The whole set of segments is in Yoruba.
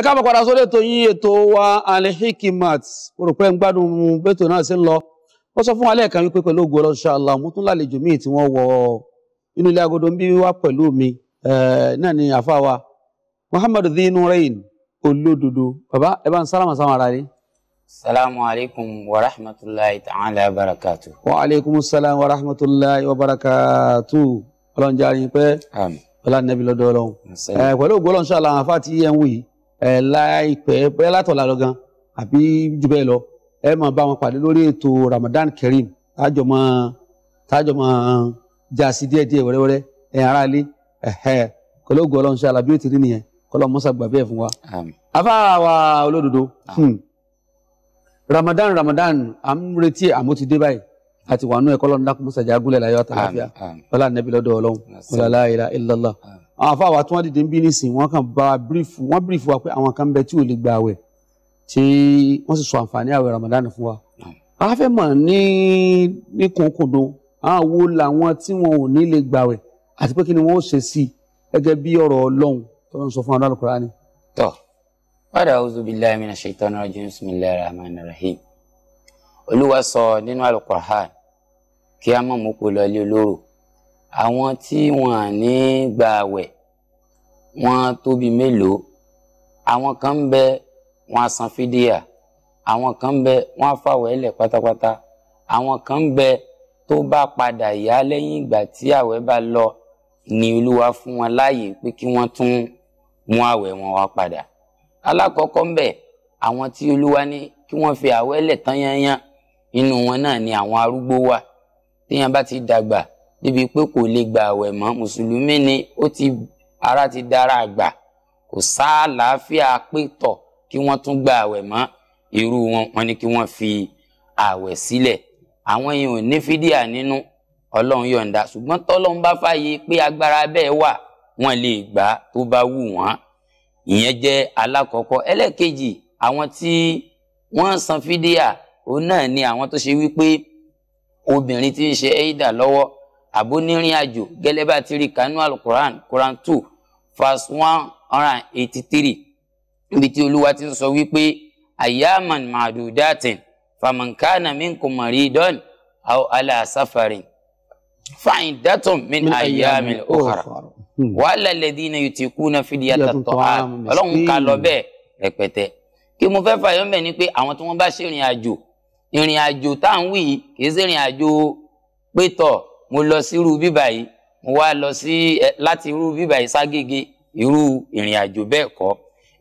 ẹ káàbọ̀ padà sórí ètò yín ètò wa Al-Hikmat rò pé ń gbádùn bẹ́tò náà sí ń lọ wọ́n sọ fún wa lẹ́ẹ̀kan wípé pẹ̀lú ògo ọlọ́run ṣáàlà mo tún lálejò míì tí wọ́n wọ inú ilé agodo ń bí wá pẹ̀lú mi náà ni àfa wa Muhammad Dhinurain olódodo bàbá ẹ bá ń sálàmà sáwọn ara rí. salamu alaykum wa rahmatulahi ta'ala wa barakatu. wa alaykum salam wa rahmatulahi wa barakatu ọlọ́run jẹ́ àyìnpẹ́ ọlọ́run nẹ́bí lọ́dọ̀ ọlọ́run pẹ̀lú ògo ọlọ́run ṣáàlà àfa ti yẹn wù yìí ẹ láìpẹ́ bẹ́ẹ̀ látọ̀la lọ gan àbí jù bẹ́ẹ̀ lọ ẹ máa bá wọn pàdé lórí ètò Ramadan Kareem tájọ mọ tájọ mọ jaasi díẹ̀ díẹ̀ wẹ́rẹ́wẹ́rẹ́ ẹ ara lé ẹhẹ kọlọgùn Ọlọ́run ṣe alábí òtí rí nìyẹn kọlọ mọsà gbàgbé ẹ fún wa. afa wa olódodo hmm, Ramadan Ramadan à ń retí ti dé báyìí àti wàánú ẹ kọlọ ńlá kọmọsàjà agúnlẹ láyọ̀ àtàlàfíà ọlá nàbí lọ́dọ̀ Ọlọ́run ọlá láyé ilá ilá Allah àwọn afáwà tí wọ́n dìde ń bí nísìn wọ́n kàn bá bírífù wọ́n bírífù wa pé àwọn kan bẹ tí ò lè gba àwẹ̀ tí wọ́n sì sọ àǹfààní àwẹ̀ Ramadan fún wa. a fẹ́ mọ̀ ní ní kùnkùndùn àwọn wo làwọn tí wọn ò ní lè gba àwẹ̀ àti pé kí ni wọ́n ó ṣe sí i gẹ́gẹ́ bí ọ̀rọ̀ Ọlọ́run tó ń sọ fún wa Al-Qur'ani. tọ padà auzu billahi minash shaitani rajim bismillahir rahmanir rahim Olúwa sọ nínú Al-Qur'an kí a àwọn tí wọ́n ní gbààwẹ̀ wọ́n tóbi mélòó àwọn kan ń bẹ wọ́n á san fídíà àwọn kan ń bẹ wọ́n á fàwẹ̀ lẹ̀ pátápátá àwọn kan ń bẹ tó bá padà yá lẹ́yìn ìgbà tí àwẹ̀ bá lọ ni olúwa fún wọn láàyè pé kí wọ́n tún mú àwẹ̀ wọn wá padà alákọ̀ọ́kọ́ ń bẹ àwọn tí olúwa ní kí wọ́n fi àwẹ̀ lẹ̀ tán yányán inú wọn náà ni àwọn arúgbó wà téèyàn bá ti dàgbà débi pé kò lè gba àwẹ̀ mọ́ mùsùlùmí ni ó ti ara ti dára àgbà kò sáàlàáfíà pétọ̀ kí wọ́n tún gba àwẹ̀ mọ́ irú wọn wọn ni kí wọ́n fi àwẹ̀ sílẹ̀ àwọn yìí ò ní fídíà nínú ọlọ́run yọ̀ǹda ṣùgbọ́n tọ́lọ́run bá fàyè pé agbára bẹ́ẹ̀ wà wọ́n lè gbà tó bá wù wọ́n ìyẹn jẹ́ alákọ̀ọ́kọ́ ẹlẹ́ẹ̀kejì àwọn tí wọ́n san fídíà òun náà ni àwọn tó ṣe wípé obìnrin ti ń ṣe ẹ́ídà lọ́wọ́ àbónírin àjò gẹ́lẹ́ bá ti rí kanú alukoran koran two verse one hundred and eighty three níbi tí olúwa ti ń sọ wípé ayaman madudatin famankana minkum maridon au ala safarin fa'iddatun min ayamin ukhra hmm. wala ladina yutikuna fidiyata ta'am ọlọ́run ká lọ bẹ́ẹ̀ rẹpẹtẹ kí mo fẹ́ fàyọ́ mbẹ̀ ni pé àwọn tí wọ́n bá ṣe ìrìn àjò ìrìn àjò tá à ń wí kì í ṣe ìrìn àjò pétọ̀ mo lọ sí irú bíbà yìí mo wá lọ sí láti irú bíbà yìí ságége irú ìrìn àjò bẹ́ẹ̀ kọ́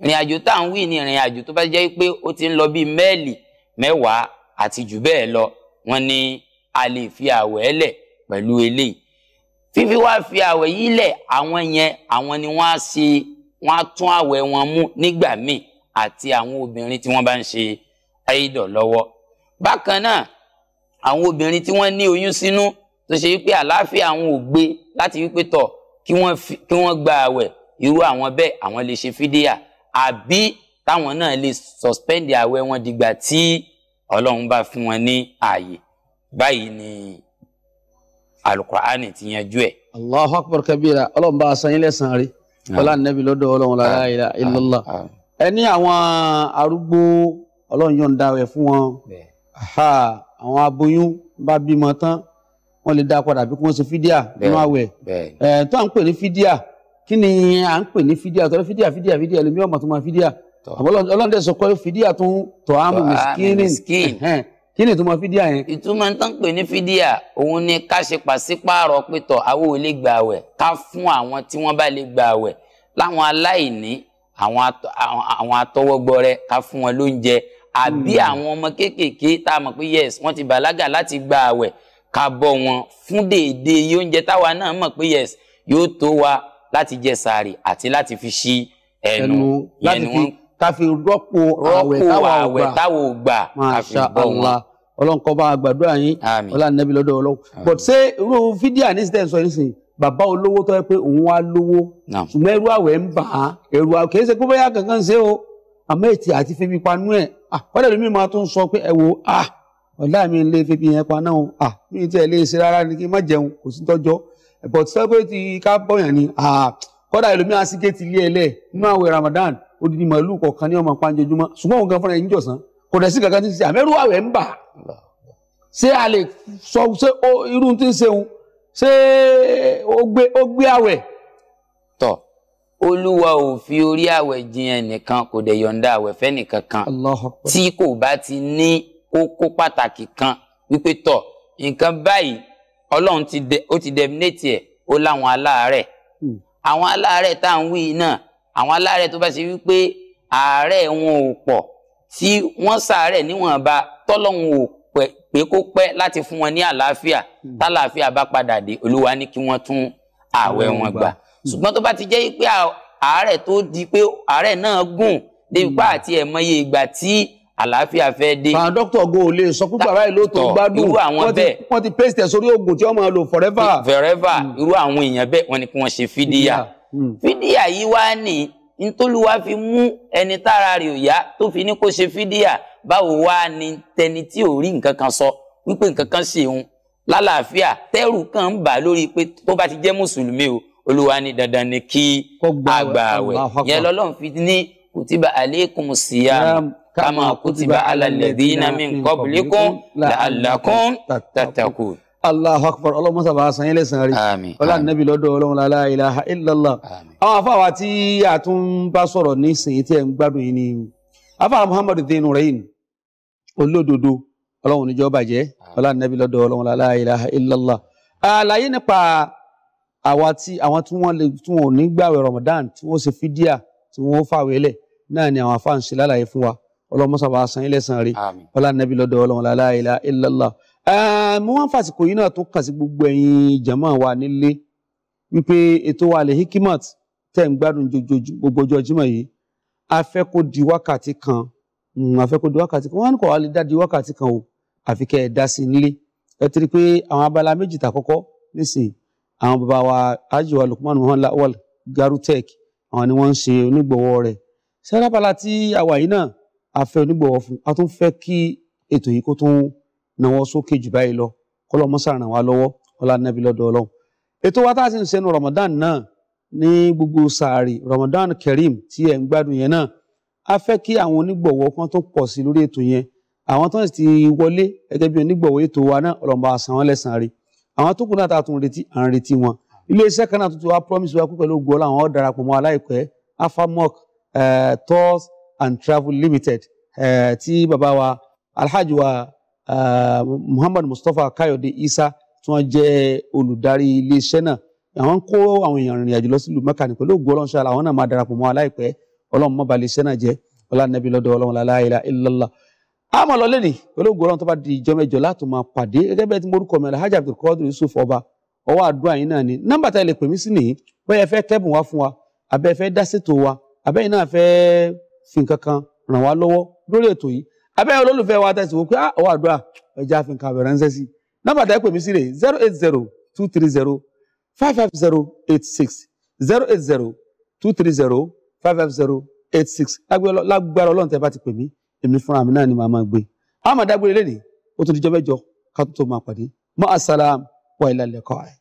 ìrìn àjò tá à ń wí ni ìrìn àjò tó bá jẹ́ pé ó ti ń lọ bíi mẹ́ẹ̀lì mẹ́wàá àti jù bẹ́ẹ̀ lọ wọ́n ní a lè fi àwẹ̀ lẹ̀ pẹ̀lú eléyìí fífi wá fi àwẹ̀ yìí lẹ̀ àwọn yẹn àwọn ni wọ́n á ṣe wọ́n á tún àwẹ̀ wọn mú nígbà míì àti àwọn obìnrin tí wọ́n bá ń ṣe àìdọ̀ lọ́wọ́ bákan náà àwọn obìnrin tí wọ́n ní oyún sínú tó ṣe wípé àlàáfíà àwọn ò gbé láti wípé tọ̀ kí wọ́n gba àwẹ̀ irú àwọn bẹ́ẹ̀ àwọn lè ṣe fídíà àbí táwọn náà lè sọ̀spẹ́ndì àwẹ̀ wọn dìgbà tí ọlọ́run bá fún wọn ní ààyè báyìí ni alukur'ani ti yanjú ẹ̀. allahu akbar kabira ọlọ́run bá a san yín lẹ́san rí ọlá nẹ́bí lọ́dọ̀ ọlọ́run la ilaha illallah ẹ ní àwọn arúgbó ọlọ́run yọ̀ǹda rẹ̀ fún wọn àwọn aboyún bá bímọ tán wọ́n lè dá padà bí wọ́n ṣe fídíà nínú àwẹ̀ ẹ̀ tó à ń pè ní fídíà kí ni à ń pè ní fídíà tọ́lá fídíà fídíà fídíà lèmi ọmọ tó máa fídíà ọlọ́dẹ sọ pé fídíà tó ń tọ́ àmú mìskínì kí ni ìtumọ̀ fídíà yẹn. ìtumọ̀ tó ń pè ní fídíà òun ni ká ṣe pàṣípààrọ̀ pétọ̀ àwọn ò lè gba àwẹ̀ ká fún àwọn tí wọ́n bá lè gba àwẹ̀ láwọn aláìní àwọn atọwọ́gbọrẹ ká fún wọn lóúnjẹ àbí hmm. àwọn ọmọ kéékèèké tá a mọ̀ pé yes wọ́n ti bàlágà láti gba àwẹ̀ ká bọ́ wọn fún déédé iye oúnjẹ táwa náà mọ̀ pé yes yóò tó wa láti jẹ sàárì àti láti fi ṣí ẹnu yẹn ni wọ́n ká fi rọ́pò àwẹ̀ táwọn ò gbà ká fi bọ́ wọn ọlọ́run kọ́ bá a gbàdúrà yín ọlọ́run nẹ́bí lọ́dọ̀ ọlọ́run but ṣé irú fídíò àníṣe sọ nísìnyí bàbá olówó tó yẹ pé òun wá lówó ṣùgbọ́n ẹrú àwẹ̀ ń bà á ẹrú àwẹ̀ kìí ṣe pé bóyá kankan ṣe o àmọ́ ètì àti fi mi panú ẹ̀ ah, kọ́dẹ̀ lómi máa tún sọ pé ẹ wo ah ọ̀la mi lè fi yẹn paná o à mi tiẹ̀ lè ṣe rárá ni kí n má jẹun kò sí tọ́jọ́ but sẹ́pẹ̀tì ká bọ̀yàn ni kọ́dà ẹlòmíràn síkẹ́ẹ̀tì ilé ẹlẹ́ nínú àwẹ̀ Ramadan odidi màálù kọ̀ọ̀kan ní ọmọ panjojúmọ́ ṣùgbọ́n òun gan fúnra ẹ̀ ń jọ̀sán kò dẹ̀ sí kankan tí ń ṣe àmẹ́rù àwẹ̀ ń bà ṣé a lè sọ ṣé irú tí ń ṣeun ṣé ó gbé àwẹ̀. tọ́ olúwa ò fi orí àwẹ̀ jiyàn nìkan kò dẹ̀ yọ̀ǹda àwẹ̀ fẹ́nìkankan tí kò bá ti ní kókó pàtàkì kan wípé tọ̀ nǹkan báyìí ọlọ́run ti de ó ti dẹ́mínétì ẹ̀ ó láwọn aláàárẹ̀ hmm. àwọn aláàárẹ̀ tá à ń wí náà àwọn aláàárẹ̀ tó bá ṣe wípé àárẹ̀ wọn ò pọ̀ tí wọ́n ṣàárẹ̀ níwọ̀nba tọ́lọ́run ò pé kó pẹ́ láti fún wọn ní àlàáfíà hmm. tálàáfíà bá padà dé olúwa ní kí wọ́n tún ààwẹ̀ wọn gbà hmm. ṣùgbọ́n tó bá ti jẹ́ pé àárẹ̀ tó di pé àárẹ̀ náà gùn débi pé àti ẹ̀mọye ìgbà tí àlàáfíà fẹ́ dé. àwọn dókítà go ò lè sọ pé bàbá yìí ló gbádùn irú àwọn bẹ́ẹ̀ wọ́n ti paste sórí oògùn tí wọ́n máa lò forever. forever hmm. irú àwọn èèyàn bẹ́ẹ̀ wọ́n ní kí wọ́n ṣe fídíà fídíà hmm. yìí wá ní ntólúwa fi mú ẹni tára rẹ̀ ò yá tó fi ní kó ṣe fídíà báwo wá ni tẹni tí ò rí nǹkan kan sọ wípé nǹkan kan ṣe òun lálàáfíà tẹ́rù kan ń bà lórí pé tó bá ti jẹ́ mùsùlùmí o olúwa ní dandan ni kí àgbààwẹ̀ yẹn lọ́lọ́run fi ní kùtìbà alaykumus siyam kama kutiba ala alladhina min qablikum la'allakum tattaqun. Allahu akbar ọlọ́mọ sábà san yín lẹ́sàn rí ọlọ́run nẹ́bí lọ́dọ̀ ọlọ́run la ilaha illallah. àwọn afáwa tí a tún bá sọ̀rọ̀ ní sèyí tí ẹ̀ ń gbádùn yìí ni afáwa Muhammadu dinu rẹ̀ yìí olódodo ọlọ́run níjọ́ bàjẹ́ ọlọ́run nẹ́bí lọ́dọ̀ ọlọ́run la ilaha illallah. àlàyé nípa àwa tí àwọn tí wọ́n lè tí wọ́n ò ní gbàwé Ramadan tí wọ́n ṣe fídíà tí wọ́n fàwé lẹ̀ náà ni àwọn afáǹṣe lálàyé fún wa ọlọ́mọsà wa san ilẹ̀ san rí ọlá nàbí lọ́dọ̀ ọlọ́run la ilaha illallah. mo wá ń fàsìkò yìí náà tó kà sí gbogbo ẹ̀yin jàmá wa nílé wípé ètò wa lè hikimat tẹ̀ ń gbádùn gbogbo ọjọ́ Jímọ̀ yìí a fẹ́ kó di wákàtí kan hmm, a fẹ́ kó di wákàtí kan wọ́n á ní kó wa lè dá di wákàtí kan o àfi kẹ́ ẹ dá sí nílé ẹ ti rí i pé àwọn abala méjì tàkọ́kọ́ nísìnyí àwọn bàbá wa ajiwa Lukman Muhammad Lawal Garutek àwọn ni wọ́n ń ṣe onígbọ̀wọ́ rẹ̀ sẹ́rábàlá tí àwa yìí náà afẹ́ onígbọ̀wọ́ fún a tún fẹ́ kí ètò yìí kó tún náwó sókè jù báyìí lọ kọ́lọ́ mọ́sà ràn wá lọ́wọ́ ọlá nẹ́bí lọ́dọ̀ ọlọ́run ètò wa tá sì ń sẹ́nu Ramadan náà ní gbogbo sàárì Ramadan kerim, tí ẹ̀ ń gbádùn yẹn náà a fẹ́ kí àwọn onígbọ̀wọ́ kan tó pọ̀ sí lórí ètò yẹn àwọn tó ti wọlé gẹ́gẹ́ bí onígbọ̀wọ́ ètò wa náà ọlọ́mọba àsàn wọn lẹ́sàn rí àwọn tó kù náà tá tún promise wa pé pẹ̀lú ògbó làwọn darapọ̀ mọ́ aláìpẹ́ afamok eh, tors and travel limited uh, tí bàbá wa alhaji wa uh, muhammad mustapha kayode isa tí wọ́n jẹ́ olùdarí iléeṣẹ́ náà àwọn ń kó àwọn èèyàn rìnrìn àjò lọ sílùú mẹ́kà ní pẹ̀lú ògùn ọlọ́run ṣáàlà àwọn náà máa darapọ̀ mọ́ aláìpẹ́ ọlọ́run mọ́ba iléeṣẹ́ náà jẹ́ ọlánàbí lọ́dọ̀ ọlọ́run aláìlá ìlọ́lá àmọ́ lọ lẹ́nìí pẹ̀lú ògùn ọlọ́run tó bá di ìjọ mẹ́jọ láti máa pàdé gẹ́gẹ́ bẹ́ẹ̀ tí mo rúkọ mẹ́rin hajj abdulkadir yusuf ọba ọwọ́ àdúrà yín náà ni nọ́mbà tá a lè pè mí sí nìyí bóyá ẹ fẹ́ tẹ́bùn wá fi nǹkan kan ràn wá lọ́wọ́ lórí ètò yìí abẹ́yẹ olólùfẹ́ wa tẹ̀sí wò pé ah ọwọ́ àdúrà ẹja fi nǹkan àbẹ̀rẹ̀ ránṣẹ́ sí nọ́mbà tẹ́ pè mí sí rè zero eight zero two three zero five five zero eight six zero eight zero two three zero five five zero eight six lágbára ọlọ́run tẹ́ bá ti pè mí èmi fúnra mi náà ni màá máa gbé àwọn àmàdágbére lẹ́nìí ó tún dijọ́ mẹ́jọ ká tó tó máa pàdé mọ́ àsálàm wà ilà lẹ́kọ̀ọ́